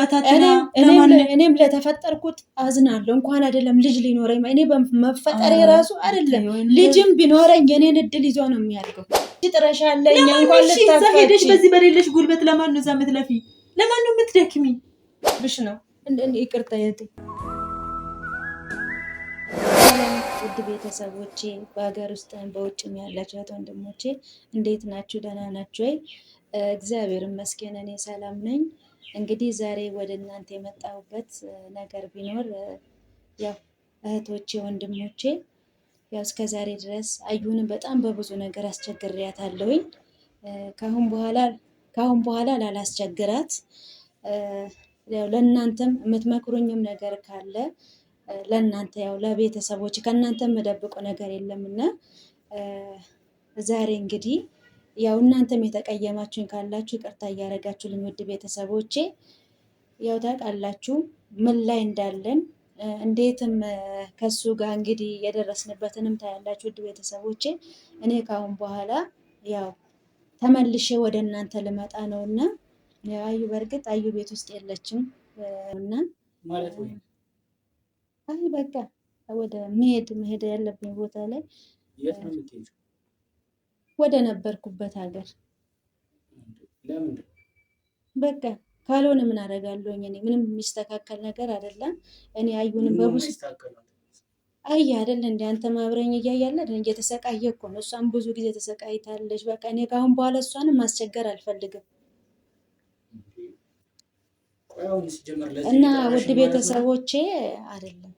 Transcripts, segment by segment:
በታትና እኔም ለተፈጠርኩት አዝናለሁ። እንኳን አይደለም ልጅ ሊኖረኝ እኔ መፈጠሬ የራሱ አይደለም ልጅም ቢኖረኝ የኔን እድል ይዞ ነው የሚያድገው። ጥረሻለኝ እንኳን በዚህ በሌለሽ ጉልበት ለማን ነው እዛ የምትለፊ? ለማን ነው የምትደክሚ? ብሽ ነው ይቅርታ የት ውድ ቤተሰቦቼ በሀገር ውስጥ በውጭም ያላችሁት ወንድሞቼ እንዴት ናችሁ? ደህና ናችሁ ወይ? እግዚአብሔር ይመስገን እኔ ሰላም ነኝ። እንግዲህ ዛሬ ወደ እናንተ የመጣሁበት ነገር ቢኖር ያው እህቶቼ ወንድሞቼ ያው እስከ ዛሬ ድረስ አዩንም በጣም በብዙ ነገር አስቸግሬያታለሁኝ። ካሁን በኋላ በኋላ ላላስቸግራት ያው ለእናንተም የምትመክሩኝም ነገር ካለ ለእናንተ ያው ለቤተሰቦች ከእናንተ የምደብቁ ነገር የለምና ዛሬ እንግዲህ ያው እናንተም የተቀየማችሁን ካላችሁ ይቅርታ እያደረጋችሁልኝ ውድ ቤተሰቦቼ፣ ያው ታውቃላችሁ ምን ላይ እንዳለን እንዴትም ከሱ ጋር እንግዲህ የደረስንበትንም ታያላችሁ ውድ ቤተሰቦቼ። እኔ ካሁን በኋላ ያው ተመልሼ ወደ እናንተ ልመጣ ነው እና አዩ በእርግጥ አዩ ቤት ውስጥ የለችም እና አይ በቃ ወደ መሄድ መሄድ ያለብኝ ቦታ ላይ ወደ ነበርኩበት ሀገር በቃ ካልሆነ ምን አደርጋለሁኝ? እኔ ምንም የሚስተካከል ነገር አይደለም። እኔ አዩንም በብዙ አይ አይደል እንደ አንተ ማብረኝ እያያለ እየተሰቃየ እኮ ነው። እሷም ብዙ ጊዜ ተሰቃይታለች። በቃ እኔ ከአሁን በኋላ እሷንም ማስቸገር አልፈልግም። እና ውድ ቤተሰቦቼ አይደለም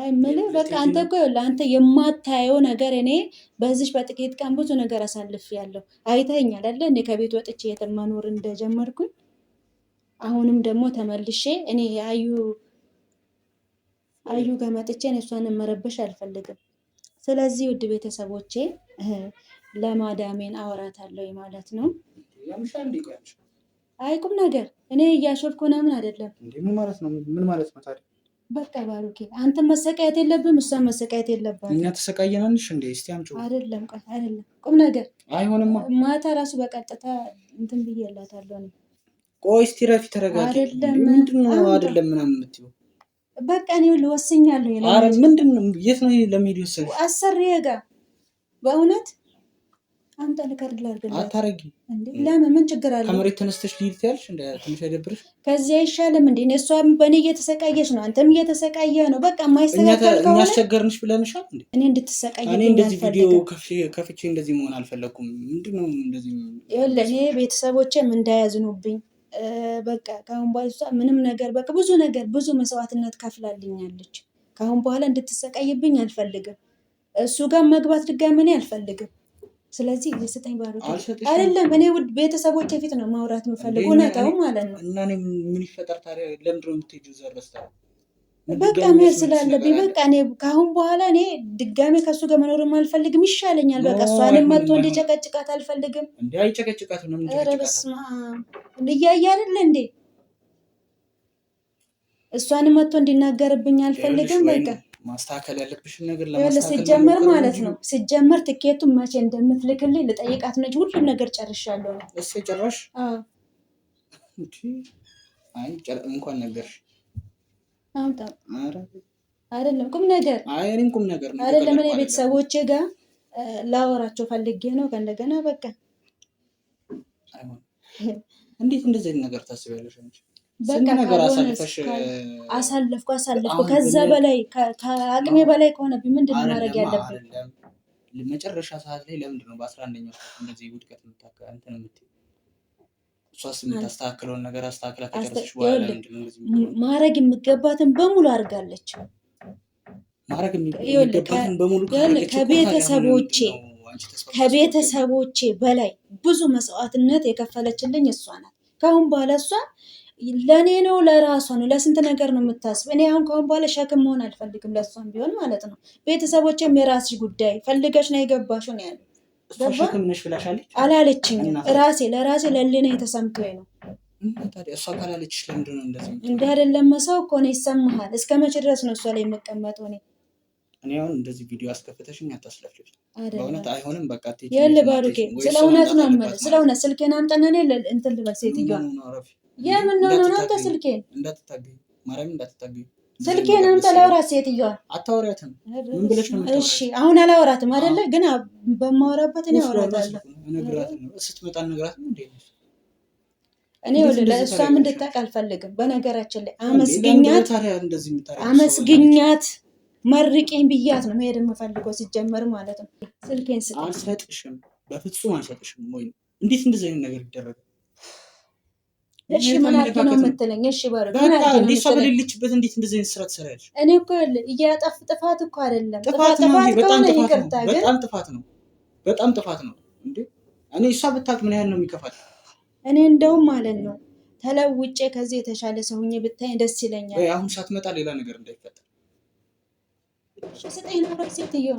አይ የምልህ በቃ አንተ እኮ ለአንተ የማታየው ነገር እኔ በዚች በጥቂት ቀን ብዙ ነገር አሳልፍ ያለው አይተኸኛል አይደለ? እኔ ከቤት ወጥቼ የትም መኖር እንደጀመርኩኝ አሁንም ደግሞ ተመልሼ እኔ አዩ አዩ ጋር መጥቼ እሷን መረበሽ አልፈልግም። ስለዚህ ውድ ቤተሰቦቼ ለማዳሜን አወራታለሁ ማለት ነው። አይ ቁም ነገር እኔ እያሾፍኩ ምናምን አይደለም። ምን ማለት ነው? ምን ማለት ነው ታዲያ? በቃ ባሩኬ አንተ መሰቃየት የለብም፣ እሷ መሰቃየት የለባት። እኛ ተሰቃየናንሽ እንዴ? እስቲ አምጪ። አይደለም ቆይ አይደለም፣ ቁም ነገር አይሆንማ። ማታ ራሱ በቀጥታ እንትን ብዬላታለሁ። ቆይ እስቲ ረፊ ተረጋጊ። አይደለም ምንድን ነው አይደለም ምናምን የምትይው በቃ እኔ ልወስኛለሁ። ኧረ ምንድን ነው የት ነው ለሚሄድ ወሰንሽ? አሰሪዬ ጋር በእውነት አንተ ልከርድ ላድርግልህ። አታረጊም ለምን? ምን ችግር አለ? ከመሬት ተነስተሽ ልሂድ ትያለሽ። እንደ ትንሽ አይደብርሽ? ከዚህ አይሻልም እንዴ? እሷ በእኔ እየተሰቃየች ነው፣ አንተም እየተሰቃየ ነው። በቃ የማይሰቃየው ከሆነ እናስቸገርንሽ ብለንሻል እንዴ? እኔ እንድትሰቃይ እኔ እንደዚህ ቪዲዮ ከፍቼ እንደዚህ መሆን አልፈለግኩም። ምንድን ነው እንደዚህ? ይኸውልህ ይሄ ቤተሰቦቼም እንዳያዝኑብኝ በቃ ከአሁን በኋላ ምንም ነገር በቃ ብዙ ነገር ብዙ መስዋዕትነት ከፍላልኛለች። ከአሁን በኋላ እንድትሰቃይብኝ አልፈልግም። እሱ ጋር መግባት ድጋሚ እኔ አልፈልግም። ስለዚህ የስጠኝ ባሮ አይደለም። እኔ ውድ ቤተሰቦች ፊት ነው ማውራት የምፈልግ እውነታው ማለት ነው። እና ምን ይፈጠር ታዲያ? ለምንድን ነው ዘረስታ በቃ መሄድ ስላለብኝ በቃ እኔ ከአሁን በኋላ እኔ ድጋሜ ከእሱ ጋር መኖርም አልፈልግም፣ ይሻለኛል። በቃ እሷንም መጥቶ እንዲጨቀጭቃት አልፈልግም። እንዲ አይጨቀጭቃት ነው ረበስማ እያየ አይደለ እንዴ? እሷንም መጥቶ እንዲናገርብኝ አልፈልግም። በቃ ማስተካከል ያለብሽን ነገር ለማስተካከል ስጀምር ማለት ነው ስጀምር ትኬቱን መቼ እንደምትልክልኝ ልጠይቃት ነች። ሁሉም ነገር ጨርሻለሁ ነው እሱ ጨረሽ? እንኳን ነገር አይደለም ቁም ነገር አይደለም ቁም ነገር አይደለም። እኔ ቤተሰቦቼ ጋር ላወራቸው ፈልጌ ነው። ከእንደገና በቃ እንዴት እንደዚህ ነገር ታስቢያለሽ አንቺ? በቃ አሳለፍኩ አሳለፍኩ ከዛ በላይ ከአቅሜ በላይ ከሆነብኝ ምንድን ነው ማድረግ ያለብን? መጨረሻ ሰዓት ላይ ለምንድን ነው በአስራ አንደኛው ሰዓት እንደዚህ ውድቀት እንትን የምትይው? እሷስ የምታስተካክለውን ነገር አስተካክላ ከጨረሰች በኋላ ማድረግ የሚገባትን በሙሉ አድርጋለች። ማድረግ የሚገባትን በሙሉ ከቤተሰቦቼ ከቤተሰቦቼ በላይ ብዙ መስዋዕትነት የከፈለችልኝ እሷ ናት። ከአሁን በኋላ እሷ ለእኔ ነው ለራሷ ነው ለስንት ነገር ነው የምታስብ። እኔ አሁን ከሆን በኋላ ሸክም መሆን አልፈልግም፣ ለእሷም ቢሆን ማለት ነው። ቤተሰቦችም የራስሽ ጉዳይ ፈልገሽ ነው የገባሽው ነው ያለ አላለችኝም። ራሴ ለራሴ ለልነ የተሰምቶኝ ነው እንዲህ አይደለም ሰው እኮ ነው ይሰማሃል። እስከ መቼ ድረስ ነው እሷ ላይ የምቀመጠው? እኔ እኔ አሁን እንደዚህ ቪዲዮ አስከፍተሽኝ አታስለፍልኝ። በእውነት አይሆንም። በቃ ይኸውልህ ባሩኬ፣ ስለ እውነት ነው የምልህ። ስለ እውነት ስልኬን አምጠና እኔ እንትን ልበል ሴትዮዋ የምን ነው ነው አንተ ስልኬን እንዳትታገኝ፣ ማርያም እንዳትታገኝ፣ ስልኬን ላውራት ሴትዮዋ አታወሪያትም። ምን ብለሽ ነው? እሺ አሁን አላወራትም አይደለ? ግን በማወራበት እኔ አወራታለሁ። ስትመጣ ነግራት ነው እንዴ? እኔ ለእሷም አልፈልግም። በነገራችን ላይ አመስግኛት አመስግኛት ብያት ነው መሄድ የምፈልገው ሲጀመር ማለት ነው። ስልኬን ስጥ። አልሰጥሽም፣ በፍጹም አልሰጥሽም። ወይ እንዴት እንደዚህ አይነት ነገር ይደረጋል? እሺ ምን አድርጌ ነው የምትለኝ? እሺ በሩ እንዴት ሰው በሌለችበት እንዴት እንደዚህ አይነት ስራ ትሰራለች? እኔ እኮ እያጠፍ ጥፋት እኮ አይደለም ጥፋት ነው። በጣም ጥፋት ነው። በጣም ጥፋት ነው። እኔ እሷ ብታውቅ ምን ያህል ነው የሚከፋት? እኔ እንደውም ማለት ነው ተለውጬ ከዚህ የተሻለ ሰው ሆኜ ብታይ ደስ ይለኛል። አሁን ሳትመጣ ሌላ ነገር እንዳይፈጠር ስጠኝ ነው ሴትዮ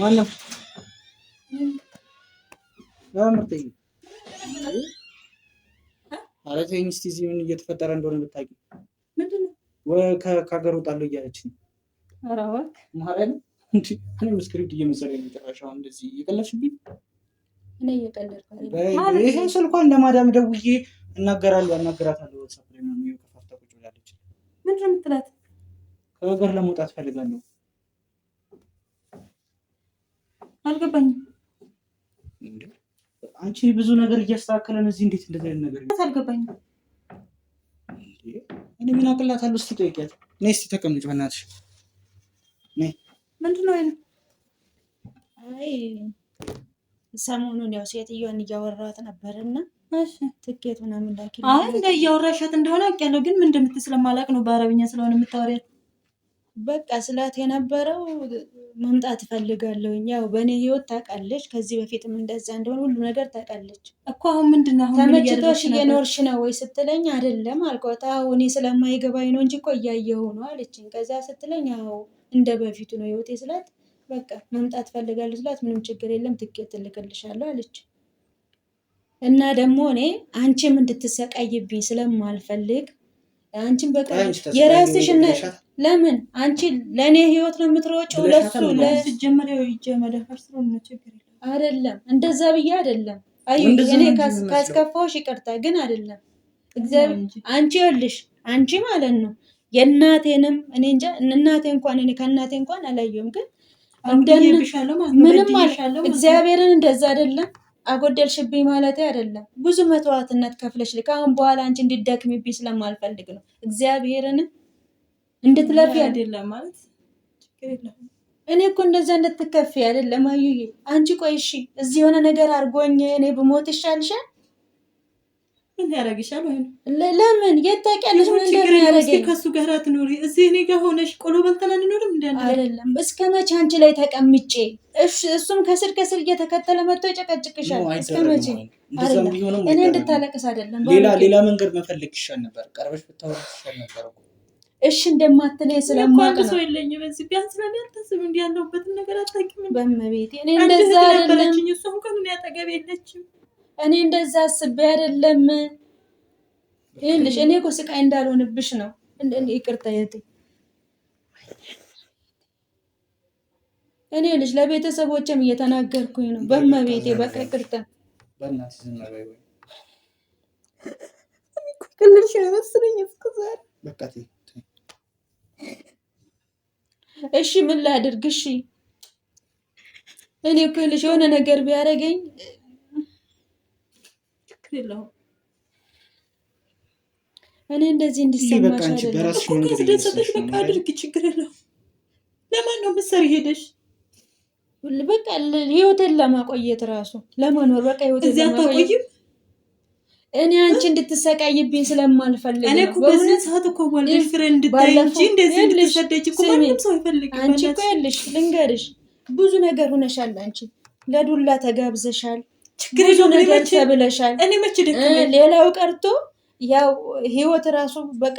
ማነው ምርት ማለት ሚስት እዚህ ምን እየተፈጠረ እንደሆነ ብታውቂ። ምንድን ነው ከሀገር ወጣለሁ እያለች ነው። ኧረ እባክህ ማለት ነው። እየመሰለኝ እንደዚህ እየቀለድሽብኝ። ስልኳን ለማዳም ደውዬ እናገራለሁ አናገራታለሁ። ዋትሳፕ ላይ ነው ከፋፍታ ቁጭ ብላለች። ምንድን ነው የምትላት? ከሀገር ለመውጣት ፈልጋለሁ። አልገባኝም። አንቺ ብዙ ነገር እያስተካከለን እዚህ እንዴት እንደዚህ አይነት ነገር አልገባኝም። እኔ ምን አቅላታለሁ? እስኪ ጠይቂያት። ነይ እስኪ ተቀምጭ፣ በእናትሽ ነይ። ምንድን ነው ይሄን? አይ ሰሞኑን ያው ሴትዮዋን እያወራት ነበርና ትኬት ምናምን ላኪ። አሁን እንደ እያወራሻት እንደሆነ አውቄያለሁ፣ ግን ምን እንደምትል ስለማላውቅ ነው። በአረብኛ ስለሆነ የምታወሪያት በቃ ስላት የነበረው መምጣት እፈልጋለሁ። ያው በእኔ ህይወት ታውቃለች፣ ከዚህ በፊትም እንደዛ እንደሆነ ሁሉ ነገር ታውቃለች እኮ። አሁን ምንድን ነው ተመችቶሽ እየኖርሽ ነው ወይ ስትለኝ አይደለም አልኳት። አዎ እኔ ስለማይገባኝ ነው እንጂ እኮ እያየሁ ነው አለችኝ። ከዛ ስትለኝ አዎ እንደ በፊቱ ነው ህይወቴ ስላት በቃ መምጣት እፈልጋለሁ ስላት ምንም ችግር የለም ትኬት እልክልሻለሁ አለች። እና ደግሞ እኔ አንቺም እንድትሰቃይብኝ ስለማልፈልግ አንቺም በቃ የራስሽ ለምን አንቺ ለእኔ ህይወት ነው የምትሮጪው? ለሱ ለጀመሪያው ይጀመደ ስለሆነ ችግር አይደለም። እንደዛ ብዬ አይደለም። አይ እኔ ካስከፋሁሽ ይቅርታ፣ ግን አይደለም እግዚአብሔር አንቺ ይኸውልሽ፣ አንቺ ማለት ነው የእናቴንም እኔ እንጃ እናቴ እንኳን እኔ ከእናቴ እንኳን አላየሁም፣ ግን ምንም እግዚአብሔርን እንደዛ አይደለም አጎደልሽብኝ ማለት አይደለም። ብዙ መስዋዕትነት ከፍለሽ ልክ በኋላ አንቺ እንዲደክምብኝ ስለማልፈልግ ነው እግዚአብሔርንም እንድትለፊ አይደለም ማለት እኔ እኮ እንደዛ እንድትከፊ አይደለም። አዩዬ አንቺ ቆይ እሺ፣ እዚህ የሆነ ነገር አድርጎኝ እኔ ብሞት ይሻልሻል? ምን ያደርግሻል? ለምን የት ታውቂያለሽ? ምን እንደሚያደርገኝ ከሱ ጋር ትኖሪ፣ እዚህ እኔ ጋር ሆነሽ ቆሎ በልተን አንኖርም። እንደ አይደለም እስከ መቼ አንቺ ላይ ተቀምጬ፣ እሱም ከስር ከስር እየተከተለ መጥቶ ይጨቀጭቅሻል። እስከ መቼ እኔ እንድታለቅስ አይደለም። ሌላ ሌላ መንገድ መፈለግ ይሻል ነበር፣ ቀርበሽ ብታወራ ይሻል ነበር። እሺ እንደማትለኝ ስለማውቅ ነው። የለኝም በዚህ ቢያንስ አታስብ እንዲ ያለሁበትን ነገር አታውቂም። በመቤት እኔ እንደዛ አይደለም። እሷ እንኳን እኔ የለችም። እኔ እንደዛ አስቤ አይደለም። ይኸውልሽ እኔ እኮ ስቃይ እንዳልሆንብሽ ነው። ይቅርታ የት እኔ ልጅ ለቤተሰቦችም እየተናገርኩኝ ነው። በመቤቴ በቃ ይቅርታ በእናትሽ እሺ ምን ላድርግ? እሺ እኔ እኮ ልጅ የሆነ ነገር ቢያደርገኝ እኔ እንደዚህ እንዲሰማሽ ደሰተሽ በቃ ችግር የለውም። ለማን ነው ምሰር ሄደሽ በቃ ህይወትን ለማቆየት ራሱ ለመኖር በቃ ህይወትን ለማቆየት እኔ አንቺ እንድትሰቃይብኝ ስለማልፈልግ እኔ እኮ በዚህ ሰዓት እኮ ወልደሽ ፍሬ እንድታይ እንጂ እንደዚህ እንድትሰደጅ እኮ ማንም ሰው አንቺ እኮ ያለሽ ልንገርሽ፣ ብዙ ነገር ሆነሻል። አንቺ ለዱላ ተጋብዘሻል፣ ችግር ነገር ተብለሻል። እኔ መቼ ሌላው ቀርቶ ያው ህይወት ራሱ በቃ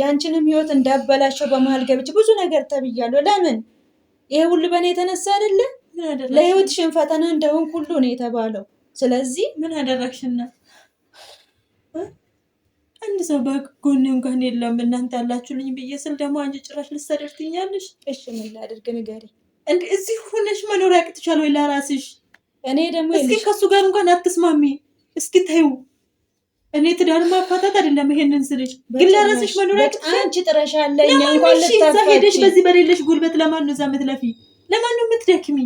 ያንቺንም ህይወት እንዳበላሸው በመሀል ገብቼ ብዙ ነገር ተብያለሁ። ለምን ይሄ ሁሉ በእኔ የተነሳ አይደለ? ለህይወትሽን ፈተና ሁሉ ነው የተባለው። ስለዚህ ምን አደረግሽና አንድ ሰው በጎን እንኳን የለም እናንተ ያላችሁልኝ ብዬ ስል ደግሞ አንቺ ጭራሽ ልትሰደብ ትይኛለሽ። እሺ ምን ላድርግ ንገሪኝ። እንደ እዚህ ሁነሽ መኖር ያቅትሻል ወይ ለራስሽ? እኔ ደግሞ እስኪ ከሱ ጋር እንኳን አትስማሚ እስኪ ተይው። እኔ ትዳር ማፋታት አይደለም ይሄንን ስልሽ፣ ግን ለራስሽ መኖር ያቅትሻል። አንቺ ጥረሻለሽ እንኳን እዛ ሄደሽ በዚህ በሌለሽ ጉልበት ለማን ነው እዛ የምትለፊ? ለማን ነው የምትደክሚ?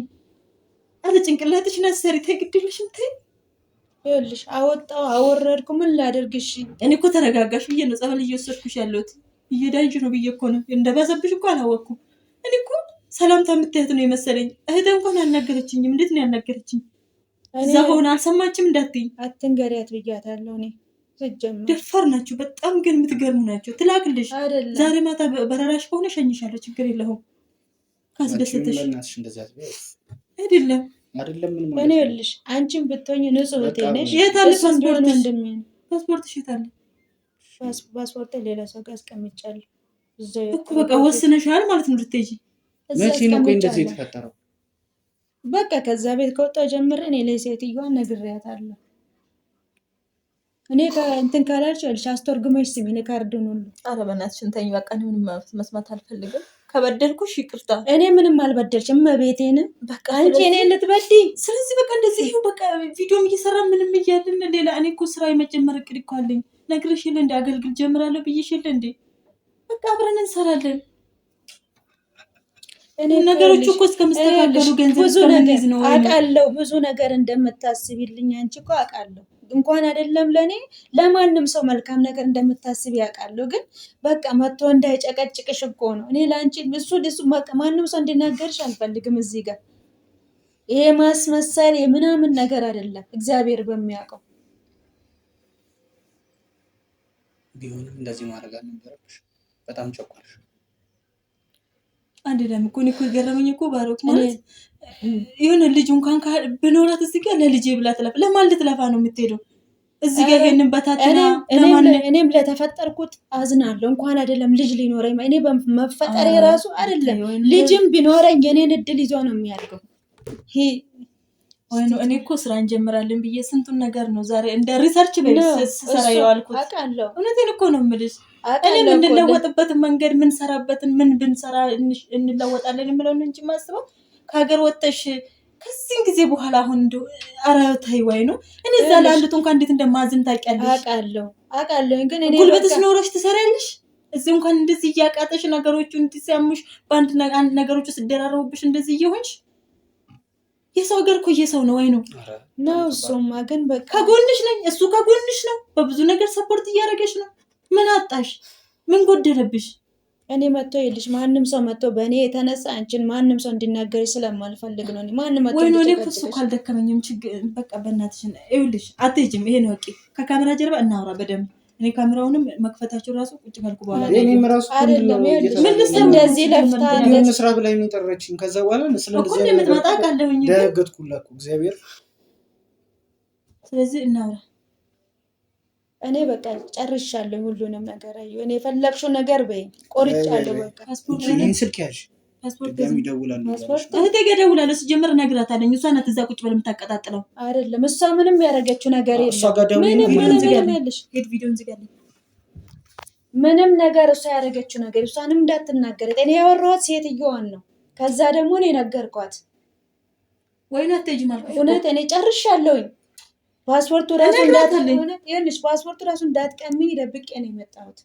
አለ ጭንቅላትሽ ነሰሪ ተግድልሽም ተይ ይኸውልሽ አወጣው አወረድኩ ምን ላደርግሽ? እኔ እኮ ተረጋጋሽ ብዬ ነው ጸበል እየወሰድኩሽ ያለሁት። እየዳንሽ ነው ብዬ እኮ ነው እንደባሰብሽ እኮ አላወቅኩም። እኔ እኮ ሰላምታ የምታያት ነው የመሰለኝ። እህቴ እንኳን አልነገረችኝም። እንዴት ነው ያልነገረችኝ? እዛ ሆነ አልሰማችም እንዳትይኝ። አትንገሪያት ብያታለሁ እኔ። ደፋር ናቸው በጣም ግን የምትገርሙ ናቸው። ትላክልሽ ዛሬ ማታ በረራሽ ከሆነ ሸኝሻለሁ። ችግር የለውም ካስደሰተሽ አይደለም አይደለም ምን ማለት እኔ ይኸውልሽ፣ አንቺም ብትሆኝ ንጹህ እህቴ ነሽ። የት አለ ፓስፖርትሽ? ፓስፖርትሽ የት አለ? ፓስፖርት ሌላ ሰው ጋር አስቀምጫለሁ። እዛ እኮ በቃ ወስነሻል ማለት ነው። ልትሄጂ መቼ ነው ቆይ እንደዚህ የተፈጠረው? በቃ ከዛ ቤት ከወጣሁ ጀምር እኔ ለሴትዮዋ ነግሬያታለሁ። እኔ እንትን ካላልሽ ይኸውልሽ፣ አስተርጉመሽ ስሚ፣ እኔ ካርዱን ሁሉ ኧረ በእናትሽ እንተኝ በቃ፣ ምንም መስማት አልፈልግም። ከበደልኩሽ ይቅርታ። እኔ ምንም አልበደልሽም። መቤቴን በቃ አንቺ እኔ ልትበድ። ስለዚህ በቃ እንደዚህ ይሁ በቃ ቪዲዮም እየሰራ ምንም እያልን ሌላ እኔ እኮ ስራ የመጀመር እቅድ እኮ አለኝ። ነግረሽል እንደ አገልግል ጀምራለሁ ብዬሽል እንዴ። በቃ አብረን እንሰራለን። ነገሮቹ እኮ እስከምስተካከሉ ገንዘብ ነው ነገር አውቃለሁ። ብዙ ነገር እንደምታስቢልኝ አንቺ እኮ አውቃለሁ እንኳን አይደለም ለእኔ ለማንም ሰው መልካም ነገር እንደምታስብ ያውቃለሁ። ግን በቃ መጥቶ እንዳይጨቀጭቅሽ እኮ ነው። እኔ ለአንቺ እሱ እሱ ማንም ሰው እንዲናገርሽ አልፈልግም። እዚህ ጋር ይሄ ማስመሰል የምናምን ነገር አይደለም። እግዚአብሔር በሚያውቀው ቢሆንም እንደዚህ ማድረግ አልነበረብሽ። በጣም ቸኮልሽ። አንድ ደም እኮ እኔ እኮ የገረመኝ እኮ ባሮክ ማለት የሆነ ልጅ እንኳን ብኖራት እዚህ ጋር ለልጄ ብላ ትለፋ፣ ለማን ልትለፋ ነው የምትሄደው? እዚህ ጋር ይሄንን በታትና እኔም ለተፈጠርኩት አዝናለሁ። እንኳን አይደለም ልጅ ሊኖረኝ እኔ መፈጠሬ ራሱ አይደለም ልጅም ቢኖረኝ የኔን እድል ይዞ ነው የሚያድገው። ወይ እኔ እኮ ስራ እንጀምራለን ብዬ ስንቱን ነገር ነው ዛሬ እንደ ሪሰርች በሰራ የዋልኩት። እውነቴን እኮ ነው የምልሽ እኔም እንለወጥበትን መንገድ ምንሰራበትን ምን ብንሰራ እንለወጣለን የምለውን እንጂ ማስበው ከሀገር ወጥተሽ ከዚህን ጊዜ በኋላ አሁን እንደው ኧረ ተይ ወይ ነው። እኔ እዛ ላሉት እንኳን እንዴት እንደማዝን ታውቂያለሽ። አውቃለሁ አውቃለሁ። ግን እኔ ጉልበትሽ ኖሮሽ ትሰሪያለሽ። እዚህ እንኳን እንደዚህ እያቃጠሽ ነገሮቹ እንዲሰሙሽ በአንድ ነገሮቹ ስደራረቡብሽ እንደዚህ እየሆንሽ የሰው ሀገር እኮ የሰው ነው ወይ ነው ነው። እሱማ ግን ከጎንሽ ነኝ። እሱ ከጎንሽ ነው። በብዙ ነገር ሰፖርት እያደረገች ነው ምን አጣሽ? ምን ጎደለብሽ? እኔ መጥቶ ይልሽ ማንም ሰው መጥቶ በእኔ የተነሳ አንቺን ማንም ሰው እንዲናገር ስለማልፈልግ ነው። ማንም ወይ እኔ እኮ አልደከመኝም። ችግር በቃ በእናትሽ ይኸውልሽ፣ አትሄጂም። ይሄን ወቂ ከካሜራ ጀርባ እናውራ በደንብ እኔ ካሜራውንም መክፈታቸው ራሱ ቁጭ መልኩ በኋላ እኔም ስራ ብላኝ ነው የጠራችኝ። ከዛ በኋላ ስለዚህ ቃለሁኝ ደነገጥኩላ እግዚአብሔር። ስለዚህ እናውራ እኔ በቃ ጨርሻለሁ ሁሉንም ነገር አየሁ። እኔ የፈለግሽው ነገር በይ ቆርጫለሁ። በቃ ስልክ ያዥ። እህቴ ጋ እደውላለሁ። ሲጀምር እነግራታለሁ። እሷ ናት እዛ ቁጭ ብለን የምታቀጣጥለው አይደለም። እሷ ምንም ያደረገችው ነገር የለም። ምንም ነገር እሷ ያደረገችው ነገር እሷንም እንዳትናገር እኔ ያወራኋት ሴትዮዋን ነው። ከዛ ደግሞ እኔ ነገርኳት። ወይ ወይን አትሄጂም አልኩሽ። እውነት እኔ ጨርሻለሁኝ። ፓስፖርቱ ራሱ እንዳትልኝ ፓስፖርቱ ራሱ እንዳትቀሚኝ ደብቄ ነው የመጣሁት።